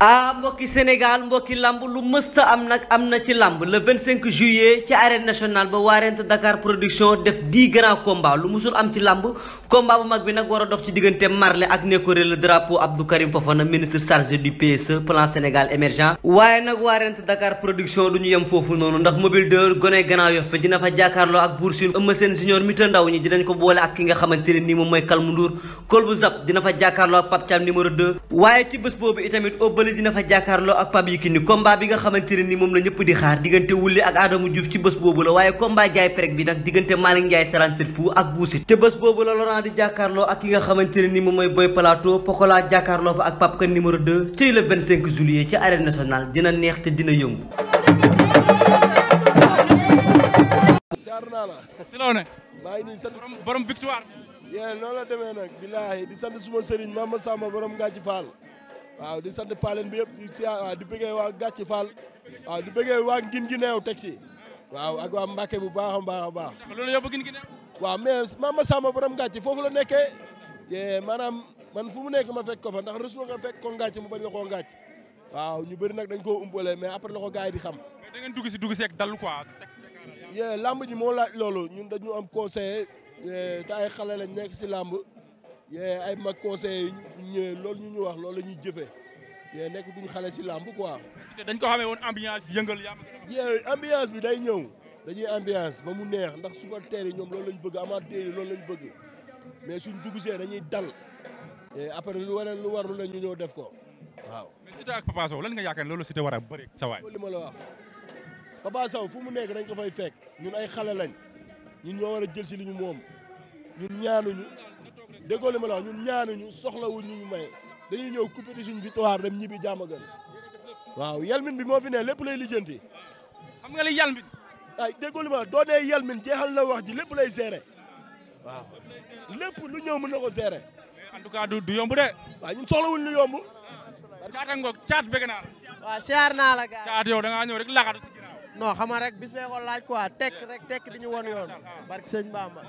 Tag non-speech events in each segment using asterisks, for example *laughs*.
Ah mbokki Sénégal mbokki lamb lu mësta am nag am na ci lamb le 25 juillet ci arène nationale ba waarent Dakar production def 10 grands combats lu musul am ci lamb combat bu mag bi nag war a dox ci diggante Marley ak Nékoré le drapeau Abdou Karim Fofana ministre chargé du PSE plan Sénégal émergent waaye nag waarent Dakar production du ñu yem foofu noonu ndax mobile de gone gannaaw yof dina fa jàkkaarloo ak Bour Sine Eumeu Sène Junior ndaw ñi dinañ ko boole ak jàkkaarloo ak Pape Yékini combat bi nga xamante ni moom la ñëpp di xaar diggante Wouly ak Adama Diouf ci bés boobu la waaye combat jaay prek bi nag diggante Malick Ndiaye 37 fu ak buusit te bés boobu la Laurent di jàkkaarloo ak ki nga xamante ni moom mooy Boy Plateau Pokola jàkkaarloo fa ak Pape Kane numéro 2 ci le demee nag billaahi di sant suma sëriñ Mama Samba borom Gadji waaw di sant paaleen bi yëpp di si waaw di bëggee waa gàcci Fall waaw di bëggee waa ngin gi neew teg si waaw ak waa mbake bu baax a baax a baax loolu yóbbu ngin gi waaw mais ma Samba borom gàcci foofu la nekkee ye maanaam man fu mu nekk ma fekk ko fa ndax resul nga fekk ko ngàcc mu bañ la koo ngàcc waaw ñu bëri nag dañ koo umbale mais après la ko gars yi di xam da ngeen dugg si dugg si ak dal quoi yee lamb ji moo laaj loolu ñun dañu am conseiller te ay xale lañ nekk si lamb yee ay mag conseil loolu ñu ñu wax loolu la ñuy jëfee nekk nekk ñu xale si làmb quoi. dañ ko xamee woon ambiance yëngal yaa yee ambiance bi day ñëw dañuy ambiance ba mu neex ndax supporters yi ñoom loolu lañ bëgg amateurs yi loolu lañ bëgg mais suñ dugusee dañuy dal après lu war lu war la ñu ñëw def ko waaw. mais Siteu ak nga yaakaar loolu Siteu war a bëri sa waay. li ma la wax Papa Sow fu mu nekk dañ ko fay fekk ñun ay xale lañ ñu ñoo war a jël si liñu ñu moom ñun ñaanuñu. déggoo li ma la wax ñun ñaanuñu soxlawul ñu ñu may dañuy ñëw couper suñu victoire dem ñibbi jàmm gën waaw yelmin bi moo fi ne lépp lay lijjanti. xam nga li yelmin. ay déggoo li ma la doo dee yelmin jeexal na wax ji lépp lay gérer waaw lépp lu ñëw mën na ko gérer. tout cas du du yomb de. waaw ñun soxlawul lu yomb. caata caat bëgg caat yow da ngaa ñëw rek non xam nga rek bis bee ko laaj quoi tekk rek tekk di ñu won yoon. barke sëñ Bamba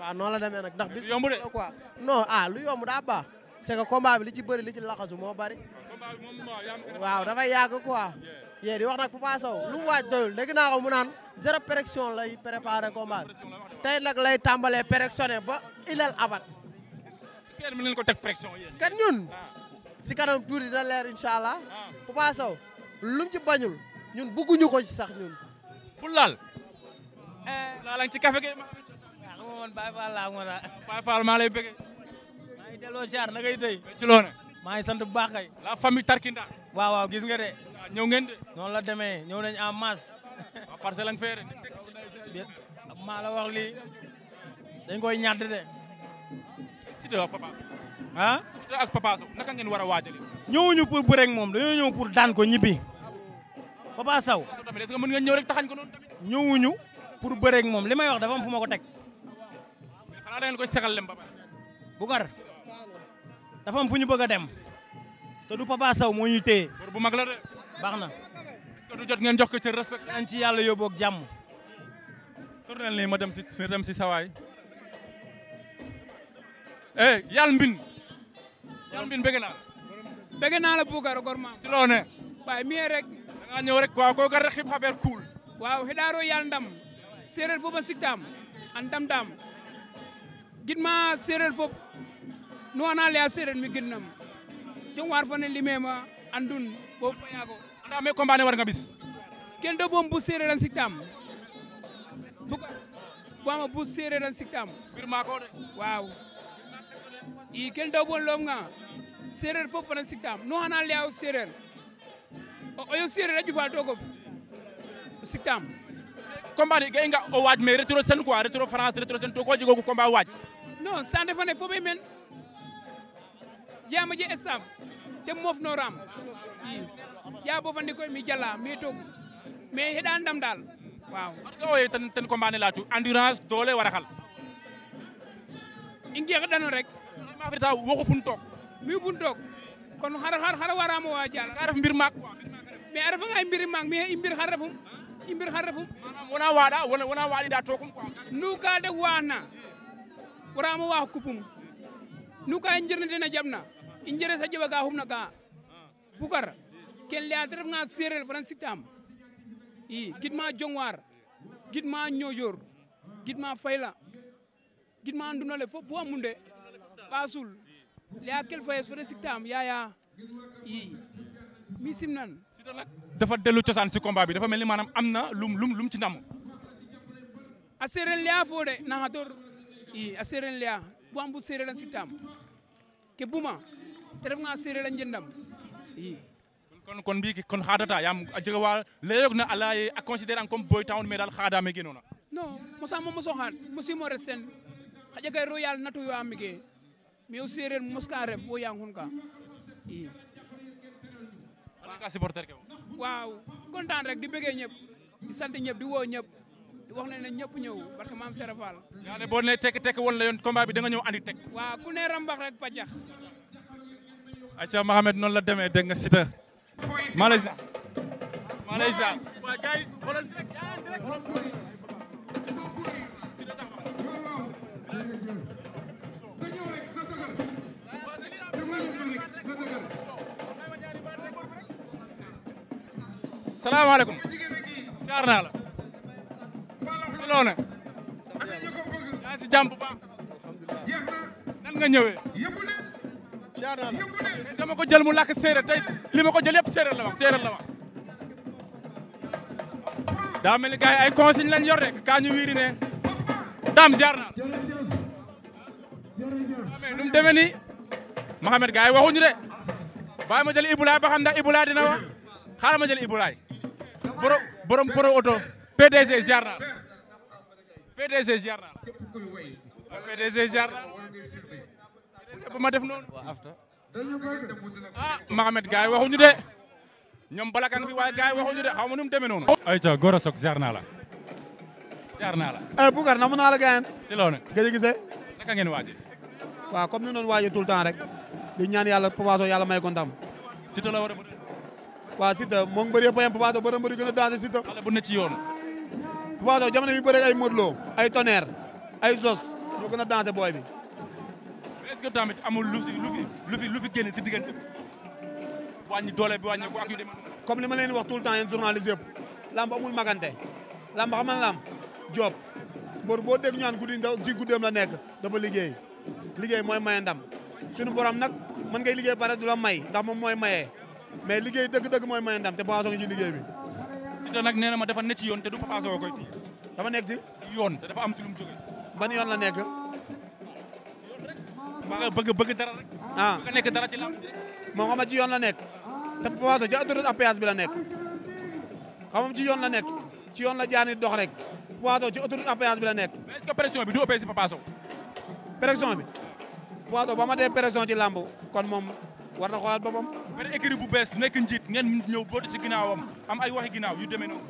waaw noonu la demee nag ndax. bis yomb de quoi non ah lu yomb daa baax. c'est que combat bi li ci bëri li ci laxasu moo bëri. waaw dafay yàgg quoi. yee di wax nag Papa Sow lu mu waaj doyul dégg naa ko mu naan zéro pression lay préparé combat bi. tey nag lay tàmbalee pressionné ba ilal abat. est-ce que mën nañu ko teg pression yéen. kat ñun ah. si kanam tuuti dina leer incha allah ah. Papa Sow lu mu ci bañul. ñun bugguñu ko ci sax ñun. bu laal. Eh. laala ci café gi. waaw xam nga man Baye Fall maa lay bëggee. maa ngi delloo ziar ci loone maa ngi sant bu baax kay. la famille Tarkinda. waaw waaw gis nga de. ñëw ngeen de. la demee ñëw nañ en masse. waaw parcelle la nga fee maa la wax lii. dañ koy ñàdd de. Siteu ak ak Papa ah? naka ngeen war a waajalee. ñëwuñu pour bu rek moom dañoo ñëw pour daan ko ñibbi. Papa Sow. tamit est-ce que mën nga ñëw rek taxañ ko noonu tamit. ñëwuñu pour bëreeg moom li may wax dafa am fu ma ko teg. xanaa da ngeen koy lem ba pare. Boucar dafa am fu ñu bëgg a dem te du Papa saw moo ñuy téye. bu mag la de. baax na. est du jot ngeen jox ko cër respect. an ci yàlla yóbboo ak jàmm. tournel nii ma dem si ma si sawaay. eh yàlla mbin. yàlla naa la. bëgg naa si loo ne. waaye mieux nga ñëw rek ko gar xib xaber cool waaw heɗaro yaal ndam sereer fof a siktam an dam dam gidma sereer fof nu ana leya sereer mi gidnam jom war fane limema andun bo fayago anda me combat ne warnga bis ken do bom bu sereer an siktam buka bama bu sereer an siktam birma ko de waaw i ken do bon lom nga sereer fof fana siktam nu ana leya sereer oyo sereer a ƴufa tookof siktam combat ne ga'inga o waaj mais retro sen quoi retro france retro sen to ko jegoogu combat waaj non sante fane fo ɓay men je staff te mofnoram i ƴa bo fandi koy mi jala mi toog mais heɗa ndam waaw parce que oye ten ten combat ne doole wara xal i ngeexɗano rek ma fita woxu pun mi pun toog kon xar xar waraamo waa jala ka mais a refanga i mbir maak mais i mbir xar refum i mbir xar refum wona waaɗa wona waaɗida tookum quoi nu ka de waana waramo waax kupum nu ka i njirne ten a jaɓna i njere sa jaɓa ka xumna ka bukar ken leya te refanga seereer fana sitam i gidma jongwar gidma ñojoor gidma fayla gidma ndunale fop bo a munde ɓasul leya kel fayes fene siktam yaya i mi simnan dafa dellu cosaan si combat bi dafa mel ni maanaam na lum lum lum ci ndam a sereer leya foore naxa toor i a sereer leya bu sereer a sitam ke buma te ref a sereer a njendam i kon kon mbi kon xaadata yaam a jega wa layoog na a laye a considérant comme boy town mais daal xaadame genona non mosaam mo moso xaad mosimo ret sen xaƴa kay ro yaal natuyo am mike mais o sereer mos ka ref wo yang xun ka i tant que supporter ke waaw kontaan rek di bëggee ñëpp di sant ñëpp di woo ñëpp di wax leen ne ñëpp ñëw parce que maam Serap Fall. yaa ne boo nee woon la yoon combat bi da nga ñëw andi tekk. waaw ku ne rambax rek pajax. acca Mohamed noonu la demee dégg nga Siteu. Malaysia Malaysia. waa salaamaaleykum. jaar naa la. ci loo si jàmm bu nan nga ñëwee. jaar naa la. ko jël mu làkk séeréer tey li ma ko jël yëpp séeréer la wax séeréer la wax. daa mel ni gars yi yor rek kaa ñu wiiri ne daam jaar naa la. mais nu mu demee nii. Mouhamed yi waxuñu de. bàyyi ma jël Ibulaay ba xam ndax Ibulaay dina wax xaaral ma jël Ibulaay. borom borom pro oto PDG ziar naa PDG ziar naa PDG naa PDG bu ma def noonu ah Mahamed gars yi waxuñu de ñoom balakan bi waaye gars yi waxuñu de xaw ma nu mu demee noonu. ayca Gora Sock ziar naa la ziar naa la. Eh, Boucar namu naa la gaañ. si loolu nag nga gisee. naka ngeen waajee. waaw comme ñu doon waajee tout temps rek. di ñaan yàlla Papa Sow yàlla may ko si la war a waaw Siteu moo ngi bëri yëpp a yem Papa Sow bëri mbëri gën a dansé Siteu yoon Papa Sow jamono bi bëri ay Modou Lo ay Tonnerre ay Zos ñoo gën a dansé booy bi mais est-ce que tamit amul lu fi lu fi lu fi lu fi génn si diggante wàññi doole bi wàññi ko ak yu demee comme li ma leen wax tout le temps yéen journaliste yëpp lamb amul magante lamb xam nga job mbër boo dégg ñaan guddi ndaw ji guddeem nekk dafa liggéey liggéey mooy maye ndam borom nag mën ngay liggéey pare du la may moom mooy maye mais liggéey dëgg-dëgg mooy ma ndam te Papa ngi ci liggéey bi. Siteu nag nee na ma dafa ne ci yoon te du Papa Sow koy ti dafa nekk ci. ci yoon te dafa am ci lu mu jógee. yoon la nekk. bëgg bëgg dara rek. ah bëgg nekk dara ci làmb ji moom xam ci yoon la nekk. dafa Papa Sow ci bi la nekk. xam nga ci yoon la nekk. ci yoon la jaani dox rek. Papa Sow ci autoroute à la nekk. mais bi du ëppee si Papa Sow. pression bi. Papa Sow ba ma dee pression ci làmb kon moom. war na xoolaat boppam. benn écurie bu bees nekk njiit ngeen ñëw bootu ci ginnaawam am ay waxi ginnaaw yu demee noonu.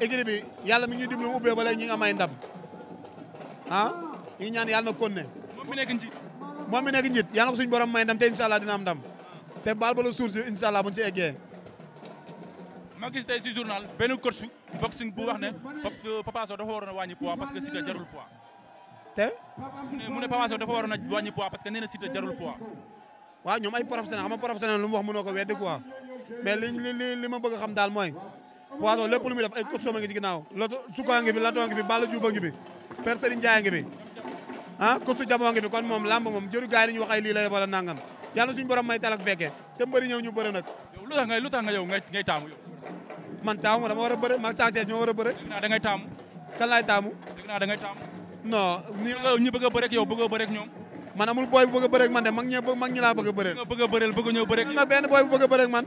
écurie bi yàlla mi ñuy dimbali mu ubbee ñi nga may ndam ah ñu ñaan yàlla na kon ne. moom mi nekk njiit. moom mi nekk njiit yàlla ko suñu borom may ndam te incha allah dina am ndam te baal ba la suur si incha allah bu ñu ci eggee. ma tey si journal benn coach boxing bu wax ne euh, Papa Sow dafa waroon a wàññi poids parce que ne mu ne Papa Sow dafa waroon a wàññi poids parce que nee na Siteu jarul waaw ñoom ay professionnel xam nga lu mu wax mënoo ko weddi quoi mais li li li ma bëgg a xam daal mooy Poisson lépp lu muy def ay coach sooma ngi ci ginnaaw loto sukaa ngi fi latoo ngi fi Balla Diouf a ngi fi Père Serigne Ndiaye ngi fi ah coach jaboo ngi fi kon moom lamb moom jëru gars yi dañuy wax ay lii lay wala nangam yàlla suñu borom may talak fekkee te mbëri ñu bëri nag lu tax nga lu nga yow ngay taamu yow man taamu ma dama war a bëre mag sancee ñoo war a bëre dégg naa da ngay taamu kan laay taamu dégg naa da ngay a bëre ak yow bëgg a man amul booy bu bëgg a man de mag ñi mag ñi laa bëgg a bëreel. a bëreel bëgg ñëw booy bu bëgg a bëreeg man.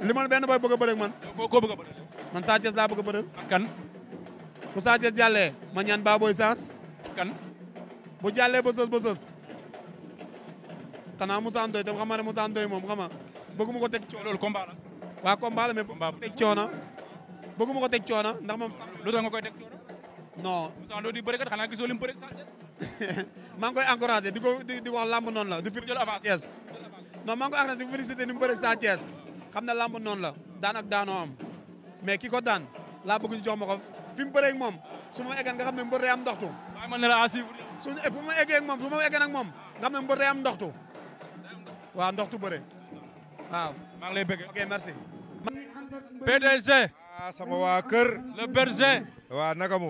li ma benn booy bëgg a bëreeg man. koo koo bëgg a bëreel. man Sa Thiès laa bëgg a bëreel. kan. bu Sa Thiès jàllee ma ñaan ba booy sens. kan. bu jàllee ba sës ba sës. xanaa Moussa Ndoye tam xam nga ne Moussa Ndoye moom xam ko teg coono. loolu combat la. waa combat la mais bëgguma ko teg coono. bëgguma ko teg coono ndax moom. lu nga koy teg coono. non. Moussa Ndoye di bëreekat xanaa gisoo lim Sa *coughs* maa ngi koy encouragé di ko di wax lamb noon la di firndeel avance Thiès non maa ngi koy encouragé di félicité ni mu bëri saa xam ne lamb noon la daan ak daanoo am mais ki ko daan laa bëgg jox ma ko fi mu bëree ak moom su ma eggan nga xam ne mbër day am ndoxtu waaye man ne ma eggee moom ma eggee moom nga xam ne mbër day am ndoxtu waaw ndoxtu maa ngi lay bëgg ok merci ah, waa kër le naka mu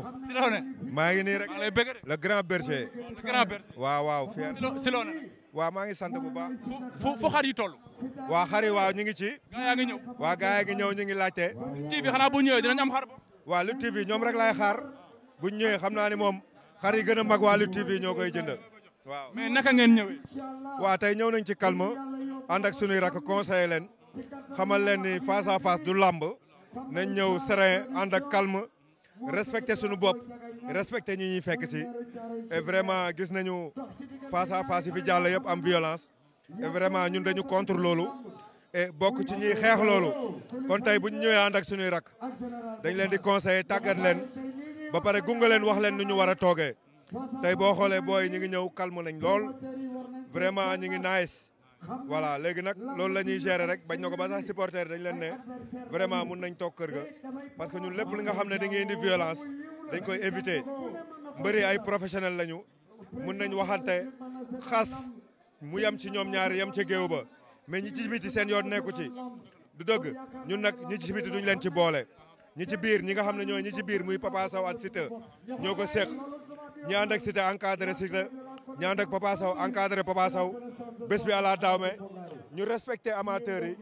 maa ngi nii rek le grand berger. waa grand berger waaw waaw. fier maa ngi sant bu fu fu toll. waa xar yi waaw ñu ngi ci. ñëw. waa gaa yaa ngi ñëw ñu ngi laajte. TV xanaa bu ñëwee dinañ am xar ba. waa Lutte TV ñoom rek laay xaar bu ñu ñëwee xam naa ne moom xar yi gën a mag waa Lutte TV ñoo koy jënd waaw. mais naka ngeen ñëwee. waa tey ñëw nañ ci calme ànd ak sunuy rakk conseiller leen xamal leen ni face à face du lamb nañ ñëw serein ànd ak kalm respecté sunu bopp respecté ñi ñuy fekk si et vraiment gis nañu face à face yi fi jàll yëpp am violence et vraiment ñun dañu contre loolu et bokk ci ñuy xeex loolu kon tey bu ñu ñëwee ànd ak suñuy rak dañ leen di conseiller tàggat leen ba pare gunga leen wax leen nu ñu war a toogee tey boo xoolee booy ñi ngi ñëw calme nañ lool vraiment ñi ngi nice voilà léegi nag loolu la ñuy gérer rek bañ na ko ba sax supporter dañ leen ne vraiment mun nañ toog kër ga parce que ñun lépp li nga xam ne da ngay indi violence dañ koy éviter mbëri ay professionnel lañu mun nañ waxante xas mu yem ci ñoom ñaari yam ci géew ba mais ñi ci ci seen yoon nekku ci du dog ñun nag ñi ci biti duñ leen ci boole ñi ci biir ñi nga xam ne ñooy ñi ci biir muy Papa Sow ak Siteu ñoo ko seq ñi ànd ak Siteu encadré Siteu ñu ànd ak Papa Sow encadré Papa Sow bés bi à la daawme ñu respecté amateurs yi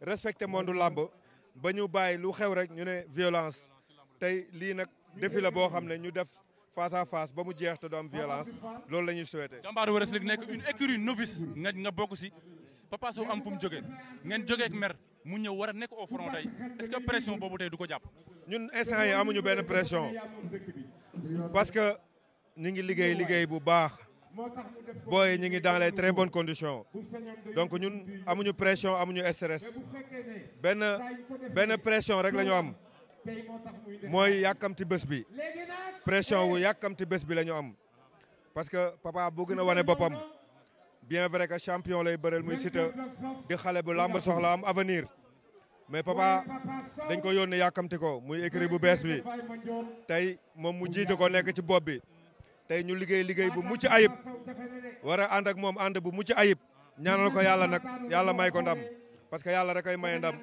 respecté monde làmb ba ñu bàyyi lu xew rek ñu ne violence tey lii nag défi la boo xam ne ñu def face à face ba mu jeex te du am violence loolu la ñuy souhaité. jàmbaaru Warees Lig nekk une écurie novice nga nga bokk si Papa am fu mu jógee ngeen jógee ak mer mu ñëw war a nekk au est-ce que pression boobu tey du ko jàpp. ñun instant yi amuñu benn pression parce que ñu ngi liggéey liggéey bu baax. booy ñu ngi dans les très bonnes conditions donc ñun amuñu pression amuñu stress benn benn pression rek la am mooy yàkkamti bés bi pression wu yàkkamti bés bi la am parce que papa bu gën a wane boppam bien vrai que champion lay bëreel muy Siteu di xale bu làmb soxla am avenir mais papa dañ ko yónni yàkkamti ko muy écrit bu bees bi tey moom mu jiite ko nekk ci bopp bi tey ñu liggéey liggéey bu mucc ayib war a ànd ak moom ànd bu mucc ayib ñaanal ko yàlla nag yàlla may ko ndam parce que yàlla rek ay may ndam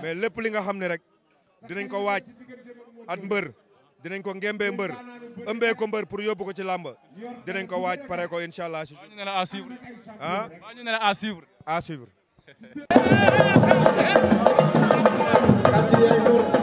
mais lépp li nga xam ne rek dinañ ko waaj at mbër dinañ ko ngembee mbër ëmbee ko mbër pour yóbbu ko ci làmb dinañ ko waaj pare ko incha allah. waa ñu ne la à ah? ne à suivre. à suivre. *laughs*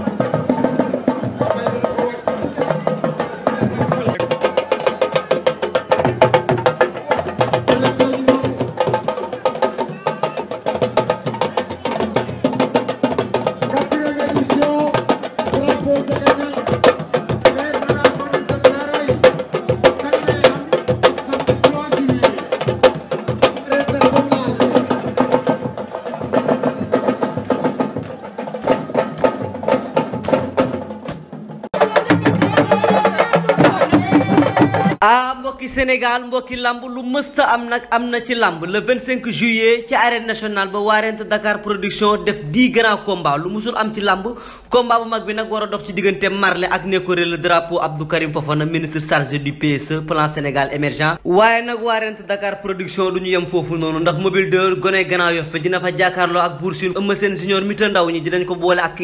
mbokki Sénégal mbokki lamb lu mësta am nag am na ci lamb le 25 juillet ci arène nationale ba waarent Dakar production def 10 grands combats lu musul am ci lamb combat bu mag bi nag war a dox ci diggante Marley ak Nékoré le drapeau Abdou Karim Fofana ministre chargé du PSE plan Sénégal émergent waaye nag waarent Dakar production du ñu yem foofu noonu ndax mobile de gone gannaaw yof fa dina fa jàkkaarloo ak Bour Sine Eumeu Sène Junior ndaw ñi dinañ ko boole ak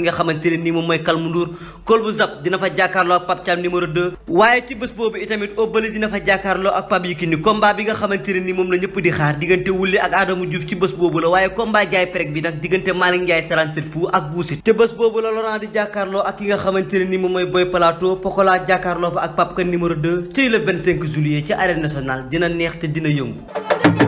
jàkkaarloo ak Pape Yékini combat bi nga xamante ne ni moom la ñëpp di xaar diggante Wouly ak Adama Diouf ci bés boobu la waaye combat jaay prek bi nag diggante Malick Ndiaye 37 fu ak buusit te bés boobu la Laurent di jàkkaarloo ak ki nga xamante ne ni moom mooy Boy Plateau Pokola jàkkaarloo fa ak Pape Kane numéro 2 ci le 25 juillet ci arène nationale dina neex te dina yëngu